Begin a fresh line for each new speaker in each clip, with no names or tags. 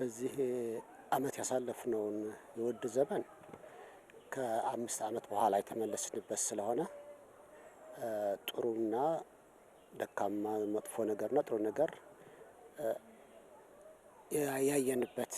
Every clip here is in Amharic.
በዚህ አመት ያሳለፍነውን የውድ ዘመን ከአምስት አመት በኋላ የተመለስንበት ስለሆነ ጥሩና ደካማ መጥፎ ነገርና ጥሩ ነገር ያየንበት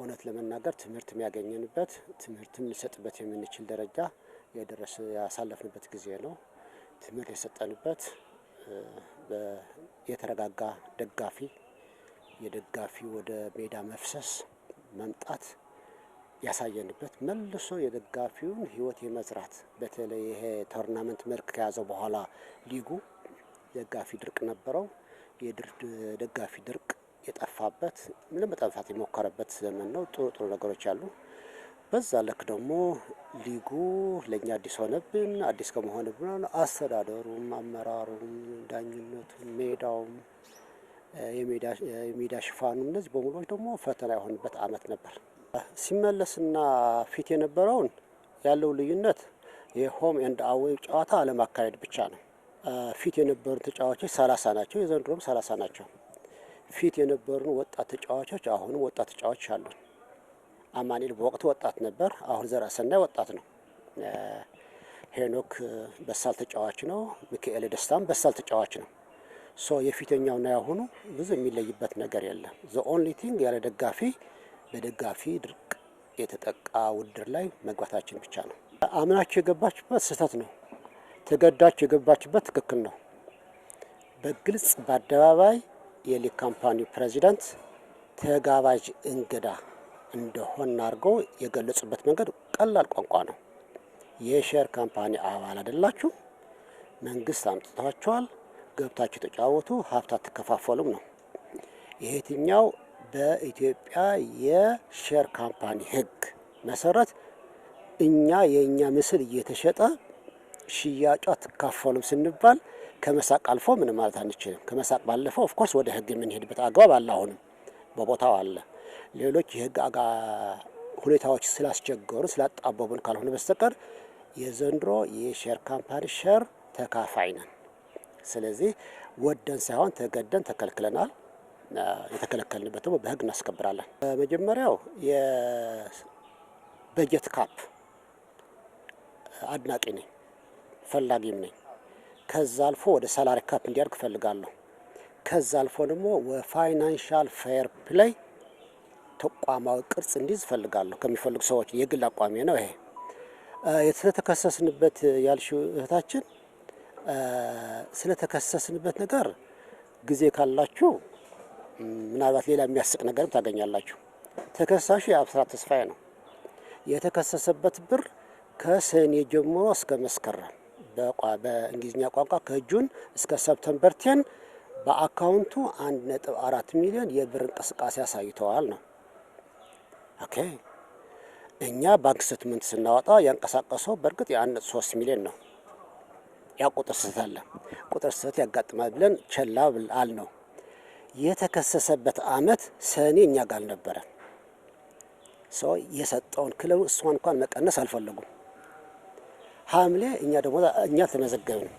እውነት ለመናገር ትምህርት የሚያገኘንበት ትምህርት ልንሰጥበት የምንችል ደረጃ የደረስ ያሳለፍንበት ጊዜ ነው። ትምህርት የሰጠንበት የተረጋጋ ደጋፊ የደጋፊ ወደ ሜዳ መፍሰስ መምጣት ያሳየንበት መልሶ የደጋፊውን ህይወት የመዝራት በተለይ ይሄ ቶርናመንት መልክ ከያዘው በኋላ ሊጉ ደጋፊ ድርቅ ነበረው። የደጋፊ ደጋፊ ድርቅ የጠፋበት ለመጠንፋት የሞከረበት ዘመን ነው። ጥሩ ጥሩ ነገሮች አሉ። በዛ ልክ ደግሞ ሊጉ ለእኛ አዲስ ሆነብን። አዲስ ከመሆንብን አስተዳደሩም፣ አመራሩም፣ ዳኝነቱም፣ ሜዳውም የሜዳ ሽፋኑ እነዚህ በሙሉ ደግሞ ፈተና የሆንበት አመት ነበር። ሲመለስና ፊት የነበረውን ያለው ልዩነት የሆም ኤንድ አዌይ ጨዋታ አለማካሄድ ብቻ ነው። ፊት የነበሩን ተጫዋቾች ሰላሳ ናቸው፣ የዘንድሮም ሰላሳ ናቸው። ፊት የነበሩን ወጣት ተጫዋቾች አሁንም ወጣት ተጫዋቾች አሉ። አማኔል በወቅቱ ወጣት ነበር፣ አሁን ዘርአሰናይ ወጣት ነው። ሄኖክ በሳል ተጫዋች ነው። ሚካኤል ደስታም በሳል ተጫዋች ነው። ሶ የፊተኛውና ያሁኑ ብዙ የሚለይበት ነገር የለም። ዘ ኦንሊ ቲንግ ያለ ደጋፊ በደጋፊ ድርቅ የተጠቃ ውድድር ላይ መግባታችን ብቻ ነው። አምናችሁ የገባችበት ስህተት ነው። ተገዳችሁ የገባችበት ትክክል ነው። በግልጽ በአደባባይ የሊግ ካምፓኒ ፕሬዚዳንት ተጋባዥ እንግዳ እንደሆን አድርገው የገለጹበት መንገድ ቀላል ቋንቋ ነው። የሼር ካምፓኒ አባል አይደላችሁ፣ መንግስት አምጥቷቸዋል ገብታችሁ ተጫወቱ፣ ሀብት አትከፋፈሉም ነው። ይሄትኛው በኢትዮጵያ የሼር ካምፓኒ ህግ መሰረት እኛ የእኛ ምስል እየተሸጠ ሽያጩ አትካፈሉም ስንባል ከመሳቅ አልፎ ምን ማለት አንችልም። ከመሳቅ ባለፈው ኦፍኮርስ ወደ ህግ የምንሄድበት አግባብ አለ። አሁንም በቦታው አለ። ሌሎች የህግ ሁኔታዎች ስላስቸገሩ ስላጣበቡን ካልሆነ በስተቀር የዘንድሮ የሼር ካምፓኒ ሸር ተካፋይ ነን። ስለዚህ ወደን ሳይሆን ተገደን ተከልክለናል። የተከለከልንበት ደግሞ በህግ እናስከብራለን። በመጀመሪያው የበጀት ካፕ አድናቂ ነኝ ፈላጊም ነኝ። ከዛ አልፎ ወደ ሰላሪ ካፕ እንዲያድግ እፈልጋለሁ። ከዛ አልፎ ደግሞ ፋይናንሻል ፌር ፕላይ ተቋማዊ ቅርጽ እንዲይዝ እፈልጋለሁ። ከሚፈልጉ ሰዎች የግል አቋሚ ነው ይሄ የተተከሰስንበት ያልሽ እህታችን ስለተከሰስንበት ነገር ጊዜ ካላችሁ ምናልባት ሌላ የሚያስቅ ነገርም ታገኛላችሁ። ተከሳሹ የአብስራት ተስፋዬ ነው። የተከሰሰበት ብር ከሰኔ ጀምሮ እስከ መስከረም በእንግሊዝኛ ቋንቋ ከጁን እስከ ሰብተምበር ቴን በአካውንቱ 14 ሚሊዮን የብር እንቅስቃሴ አሳይተዋል ነው። ኦኬ እኛ ባንክ ስትመንት ስናወጣ ያንቀሳቀሰው በእርግጥ የአንድ ነጥብ ሚሊዮን ነው። ያ ቁጥር ስህተት አለ። ቁጥር ስህተት ያጋጥማል ብለን ቸላ አል ነው። የተከሰሰበት አመት ሰኔ እኛ ጋር አልነበረ። ሰው የሰጠውን ክለቡ እሷ እንኳን መቀነስ አልፈለጉም። ሐምሌ እኛ ደግሞ እኛ ተመዘገብን።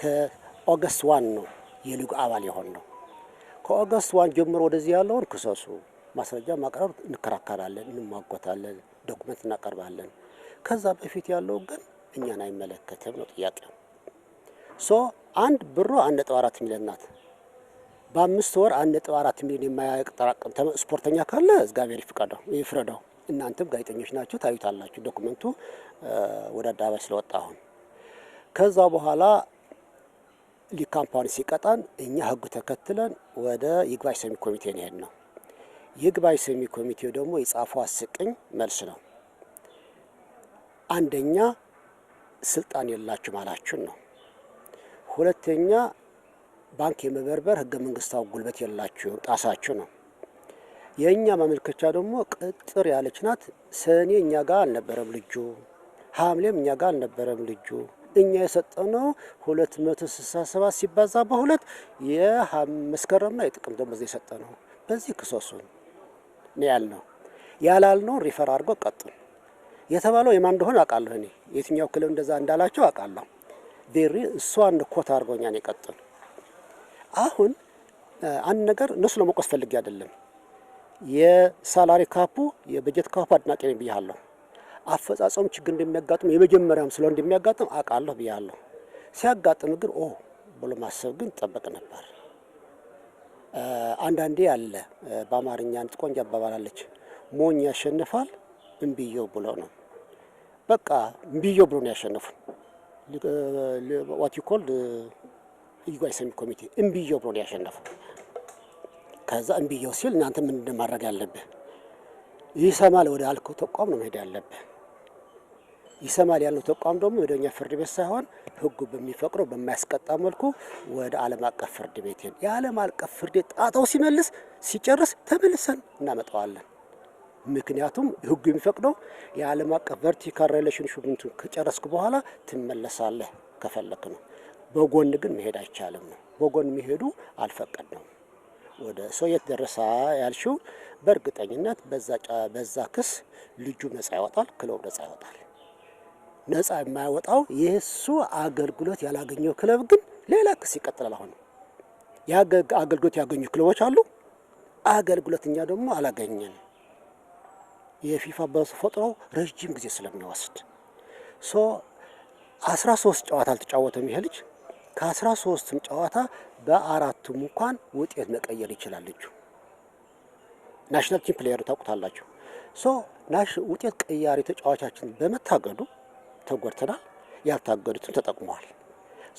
ከኦገስት ዋን ነው የሊጉ አባል የሆን ነው። ከኦገስት ዋን ጀምሮ ወደዚህ ያለውን ክሰሱ ማስረጃ ማቅረብ እንከራከራለን፣ እንሟጎታለን፣ ዶኩመንት እናቀርባለን። ከዛ በፊት ያለው ግን እኛን አይመለከትም ነው ጥያቄው። ሶ አንድ ብሮ አንድ ነጥብ አራት ሚሊዮን ናት። በአምስት ወር አንድ ነጥብ አራት ሚሊዮን የማያጠራቅም ስፖርተኛ ካለ እግዚአብሔር ይፍቀደው ይፍረደው። እናንተም ጋዜጠኞች ናቸው ታዩታላችሁ። ዶክመንቱ ወደ አደባባይ ስለወጣ አሁን ከዛ በኋላ ሊግ ሲቀጣን እኛ ህጉ ተከትለን ወደ ይግባኝ ሰሚ ኮሚቴ ነው ሄድ ነው። ይግባኝ ሰሚ ኮሚቴው ደግሞ የጻፈው አስቅኝ መልስ ነው። አንደኛ ስልጣን የላችሁ ማላችሁን ነው ሁለተኛ ባንክ የመበርበር ህገ መንግስታዊ ጉልበት የላችሁ ጣሳችሁ ነው። የእኛ ማመልከቻ ደግሞ ቅጥር ያለች ናት። ሰኔ እኛ ጋር አልነበረም ልጁ፣ ሐምሌም እኛ ጋር አልነበረም ልጁ። እኛ የሰጠነው ሁለት መቶ ስልሳ ሰባት ሲባዛ በሁለት የመስከረምና የጥቅምት ደሞዝ የሰጠነው በዚህ ክሶሱን ነው ያልነው። ያላልነውን ሪፈር አድርጎ ቀጡን የተባለው የማን እንደሆነ አውቃለሁ እኔ የትኛው ክልል እንደዛ እንዳላቸው አውቃለሁ። ቤሪ እሷ አንድ ኮት አድርጎኛን የቀጠሉ አሁን አንድ ነገር እነሱ ለመቆስ ፈልጌ አይደለም። የሳላሪ ካፑ የበጀት ካፑ አድናቂ ነኝ ብያለሁ። አፈጻጸሙ ችግር እንደሚያጋጥም የመጀመሪያም ስለሆነ እንደሚያጋጥም አውቃለሁ ብያለሁ። ሲያጋጥም ግን ኦ ብሎ ማሰብ ግን ጠበቅ ነበር። አንዳንዴ አለ በአማርኛ አንድ ቆንጆ አባባል አለች፣ ሞኝ ያሸንፋል እምቢየው ብሎ ነው። በቃ እምቢየው ብሎ ነው ያሸነፉ ዋት ዩ ሰሚ ኮሚቴ እምብየው ብሎ ነው ያሸነፈው። ከዛ እምብየው ሲል እናንተ ምንድን ማድረግ ያለብህ ይሰማል ወደ አልከው ተቋም ነው መሄድ ያለብህ። ይሰማል ያለው ተቋም ደግሞ ወደኛ ፍርድ ቤት ሳይሆን ህጉ በሚፈቅደው በማያስቀጣ መልኩ ወደ ዓለም አቀፍ ፍርድ ቤት ሄድ። የዓለም አቀፍ ፍርድ ቤት ጣጣው ሲመልስ ሲጨርስ ተመልሰን እናመጣዋለን። ምክንያቱም ህጉ የሚፈቅደው የዓለም አቀፍ ቨርቲካል ሬሌሽንሽፕ ከጨረስክ በኋላ ትመለሳለህ ከፈለክ ነው። በጎን ግን መሄድ አይቻልም ነው። በጎን መሄዱ ነው። ወደ ሰው የት ደረሰ ያልሽው፣ በእርግጠኝነት በዛ ክስ ልጁ ነጻ ያወጣል፣ ክለቡ ነጻ ይወጣል። ነጻ የማያወጣው የሱ አገልግሎት ያላገኘው ክለብ ግን ሌላ ክስ ይቀጥላል። አሁን አገልግሎት ያገኙ ክለቦች አሉ። አገልግሎት እኛ ደግሞ አላገኘንም። የፊፋ ፈጥሮ ረዥም ጊዜ ስለሚወስድ ሶ አስራ ሶስት ጨዋታ አልተጫወተም ይሄ ልጅ ከአስራ ሶስትም ጨዋታ በአራቱም እንኳን ውጤት መቀየር ይችላል ልጁ። ናሽናል ቲም ፕሌየር ታውቁታላችሁ። ሶ ናሽ ውጤት ቀያሪ ተጫዋቻችን በመታገዱ ተጎድተናል። ያልታገዱትም ተጠቅመዋል።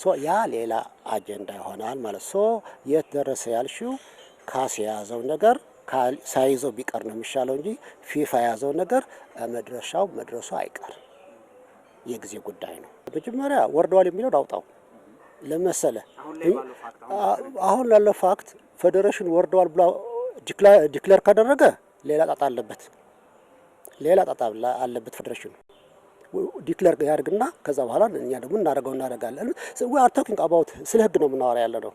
ሶ ያ ሌላ አጀንዳ ይሆናል ማለት ሶ የት ደረሰ ያልሽው ካስ የያዘው ነገር ሳይዘው ቢቀር ነው የሚሻለው እንጂ ፊፋ የያዘው ነገር መድረሻው መድረሱ አይቀር የጊዜ ጉዳይ ነው። መጀመሪያ ወርደዋል የሚለውን አውጣው ለመሰለ አሁን ላለው ፋክት ፌዴሬሽን ወርደዋል ብሎ ዲክለር ካደረገ ሌላ ጣጣ አለበት፣ ሌላ ጣጣ አለበት ፌዴሬሽኑ ዲክለር ያደርግና ከዛ በኋላ እኛ ደግሞ እናደርገው እናደርጋለን። ስለ ህግ ነው የምናወራ ያለ ነው።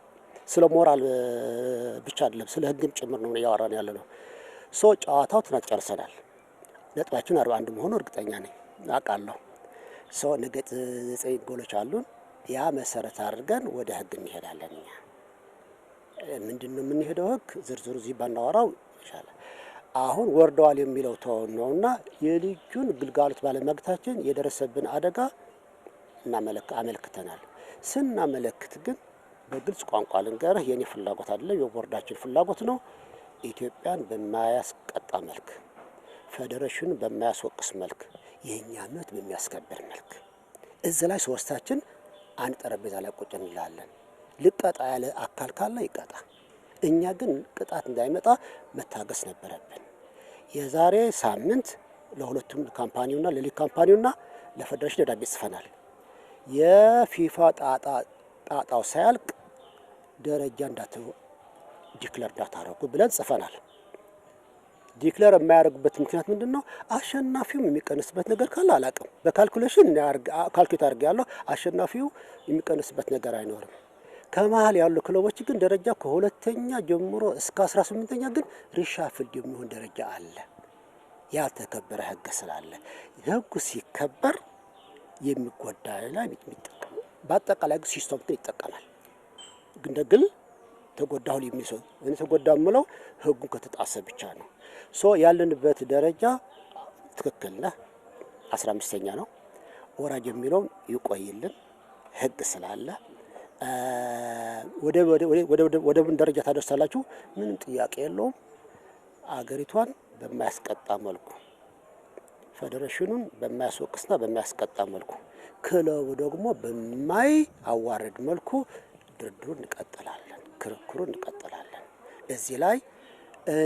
ስለ ሞራል ብቻ አይደለም፣ ስለ ህግም ጭምር ነው እያወራን ያለ ነው። ሶ ጨዋታው ትናንት ጨርሰናል። ነጥባችን አርባ አንድ መሆኑ እርግጠኛ ነኝ አውቃለሁ። ሶ ነገ ዘጠኝ ጎሎች አሉን። ያ መሰረት አድርገን ወደ ህግ እንሄዳለን። እኛ ምንድን ነው የምንሄደው? ህግ ዝርዝሩ እዚህ ባናወራው ይሻላል። አሁን ወርደዋል የሚለው ተወን ነውና የልጁን ግልጋሎት ባለማግኘታችን የደረሰብን አደጋ አመልክተናል። ስናመለክት ግን በግልጽ ቋንቋ ልንገርህ፣ የኔ ፍላጎት አይደለም የቦርዳችን ፍላጎት ነው። ኢትዮጵያን በማያስቀጣ መልክ፣ ፌዴሬሽኑን በማያስወቅስ መልክ፣ የእኛ እምነት በሚያስከብር መልክ እዚህ ላይ ሶስታችን አንድ ጠረጴዛ ላይ ቁጭ እንላለን። ልቀጣ ያለ አካል ካለ ይቀጣ። እኛ ግን ቅጣት እንዳይመጣ መታገስ ነበረብን። የዛሬ ሳምንት ለሁለቱም ካምፓኒውና ለሊግ ካምፓኒውና ለፌዴሬሽን ደብዳቤ ጽፈናል። የፊፋ ጣጣው ሳያልቅ ደረጃ እንዳትው ዲክለር እንዳታረጉ ብለን ጽፈናል። ዲክለር የማያደርጉበት ምክንያት ምንድን ነው? አሸናፊውም የሚቀንስበት ነገር ካለ አላቅም። በካልኩሌሽን ካልኩሌት አድርግ ያለው አሸናፊው የሚቀንስበት ነገር አይኖርም። ከመሀል ያሉ ክለቦች ግን ደረጃ ከሁለተኛ ጀምሮ እስከ አስራ ስምንተኛ ግን ሪሻፍልድ የሚሆን ደረጃ አለ። ያልተከበረ ህግ ስላለ ህጉ ሲከበር የሚጎዳ ላይ በአጠቃላይ ሲስተም ግን ይጠቀማል። እንደ ግል ተጎዳሁ እኔ ተጎዳ የምለው ህጉን ከተጣሰ ብቻ ነው። ሶ ያለንበት ደረጃ ትክክል ነህ። አስራ አምስተኛ ነው ወራጅ የሚለውን ይቆይልን ህግ ስላለ ወደምን ደረጃ ታደርሳላችሁ፣ ምንም ጥያቄ የለውም። አገሪቷን በማያስቀጣ መልኩ ፌዴሬሽኑን በማያስወቅስና በማያስቀጣ መልኩ ክለቡ ደግሞ በማይ አዋረድ መልኩ ድርድሩ እንቀጥላለን፣ ክርክሩ እንቀጥላለን። እዚህ ላይ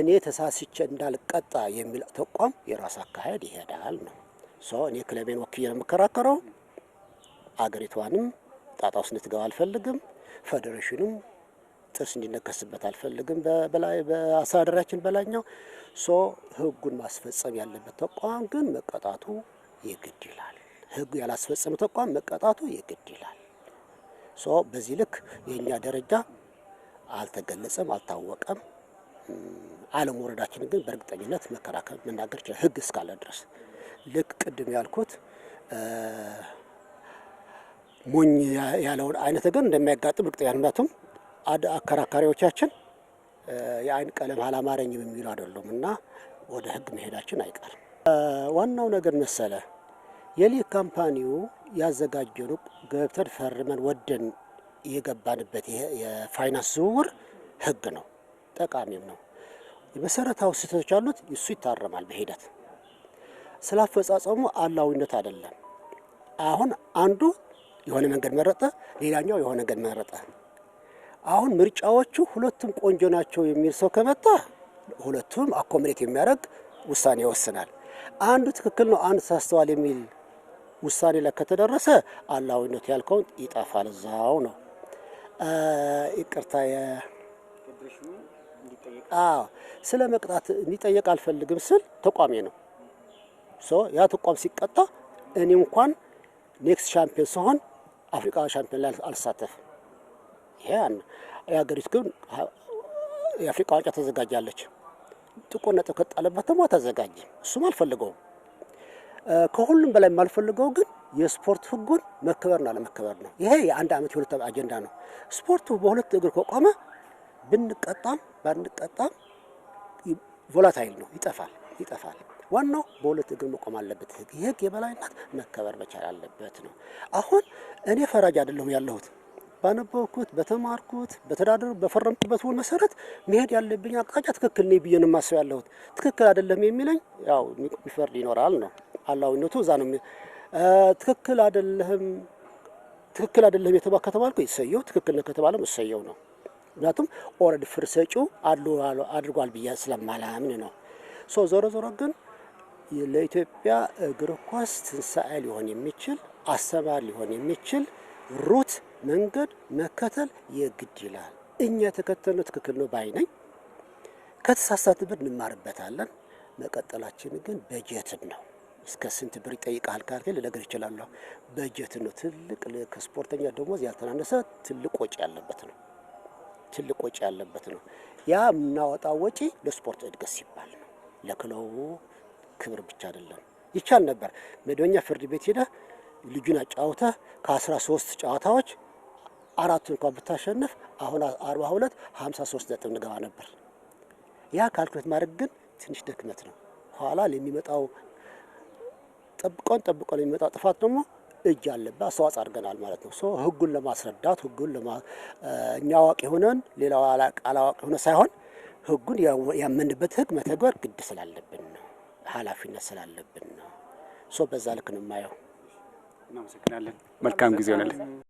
እኔ ተሳስቼ እንዳልቀጣ የሚል ተቋም የራስ አካሄድ ይሄዳል ነው ሶ እኔ ክለቤን ወክዬ ነው የምከራከረው። አገሪቷንም ጣጣ ውስጥ እንድትገባ አልፈልግም። ፌዴሬሽኑም ጥርስ እንዲነከስበት አልፈልግም። በላይ በአስተዳደራችን በላይኛው ሶ ህጉን ማስፈጸም ያለበት ተቋም ግን መቀጣቱ የግድ ይላል። ህጉ ያላስፈጸመ ተቋም መቀጣቱ የግድ ይላል። በዚህ ልክ የእኛ ደረጃ አልተገለጸም፣ አልታወቀም። አለመውረዳችን ግን በእርግጠኝነት መከራከል መናገር ይችላል፣ ህግ እስካለ ድረስ። ልክ ቅድም ያልኩት ሞኝ ያለውን አይነት ግን እንደሚያጋጥም እርግጠኛ ምክንያቱም አከራካሪዎቻችን የአይን ቀለም አላማረኝም የሚሉ አይደሉም እና ወደ ህግ መሄዳችን አይቀርም። ዋናው ነገር መሰለ የሊግ ካምፓኒው ያዘጋጀሉ ገብተን ፈርመን ወደን የገባንበት የፋይናንስ ዝውውር ህግ ነው፣ ጠቃሚም ነው። የመሰረታዊ ስህተቶች አሉት፣ እሱ ይታረማል በሂደት ስላፈጻጸሙ አላዊነት አይደለም። አሁን አንዱ የሆነ መንገድ መረጠ፣ ሌላኛው የሆነ መንገድ መረጠ። አሁን ምርጫዎቹ ሁለቱም ቆንጆ ናቸው የሚል ሰው ከመጣ ሁለቱም አኮምዴት የሚያደርግ ውሳኔ ይወስናል። አንዱ ትክክል ነው፣ አንዱ ተሳስተዋል የሚል ውሳኔ ላይ ከተደረሰ አላዊነት ያልከውን ይጠፋል። እዛው ነው ይቅርታ። ስለ መቅጣት እንዲጠየቅ አልፈልግም ስል ተቋሜ ነው። ያ ተቋም ሲቀጣ እኔ እንኳን ኔክስት ሻምፒዮን ሲሆን አፍሪካ ሻምፒዮን ላይ አልሳተፍም። ይሄ የሀገሪቱ ግን የአፍሪካ ዋንጫ ተዘጋጃለች። ጥቁር ነጥብ ከጣለበት ደግሞ ተዘጋጀ። እሱም አልፈልገውም። ከሁሉም በላይ የማልፈልገው ግን የስፖርት ሕጉን መከበርና አለመከበር ነው። ይሄ የአንድ ዓመት የሁለት አጀንዳ ነው። ስፖርቱ በሁለት እግር ከቆመ ብንቀጣም ባንቀጣም ቮላታይል ነው፣ ይጠፋል ይጠፋል። ዋናው በሁለት እግር መቆም አለበት። ህግ የሕግ የበላይነት መከበር መቻል አለበት ነው። አሁን እኔ ፈራጅ አይደለሁም ያለሁት ባነበብኩት በተማርኩት በተዳደሩ በፈረምኩበት ውል መሰረት መሄድ ያለብኝ አቅጣጫ ትክክል ነኝ ብዬ ነው የማስበው። ያለሁት ትክክል አይደለም የሚለኝ ያው የሚፈርድ ይኖራል ነው። አላዊነቱ እዛ ነው። ትክክል አይደለህም ትክክል አይደለህም የተባልክ ከተባልኩ ይሰየው፣ ትክክል ነው ከተባለም እሰየው ነው። ምክንያቱም ኦልሬዲ ፍር ሰጪው አድርጓል ብዬ ስለማላምን ነው። ሶ ዞሮ ዞሮ ግን ለኢትዮጵያ እግር ኳስ ትንሳኤ ሊሆን የሚችል አሰባር ሊሆን የሚችል ሩት መንገድ መከተል የግድ ይላል። እኛ የተከተልነው ትክክል ነው ባይ ነኝ። ከተሳሳትበት እንማርበታለን። መቀጠላችን ግን በጀትን ነው እስከ ስንት ብር ይጠይቃል ካልከኝ ልነግር ይችላለሁ። በጀት ነው ትልቅ ከስፖርተኛ ደሞዝ ያልተናነሰ ትልቅ ወጪ ያለበት ነው። ትልቅ ወጪ ያለበት ነው። ያ የምናወጣው ወጪ ለስፖርት እድገት ሲባል ነው። ለክለቡ ክብር ብቻ አይደለም። ይቻል ነበር መደበኛ ፍርድ ቤት ሄደ ልጁን አጫውተህ ከአስራ ሶስት ጨዋታዎች አራቱን እንኳን ብታሸንፍ አሁን አርባ ሁለት ሀምሳ ሶስት ነጥብ እንገባ ነበር። ያ ካልኩሌት ማድረግ ግን ትንሽ ደክመት ነው። ኋላ ለሚመጣው ጠብቀን ጠብቀን የሚመጣ ጥፋት ደግሞ እጅ አለበት አስተዋጽኦ አድርገናል ማለት ነው። ህጉን ለማስረዳት ህጉን እኛ አዋቂ ሆነን ሌላው አላዋቂ ሆነ ሳይሆን ህጉን ያመንበት ህግ መተግበር ግድ ስላለብን ነው፣ ኃላፊነት ስላለብን ነው። በዛ ልክ ነው የማየው። እናመሰግናለን። መልካም ጊዜ ሆነልን።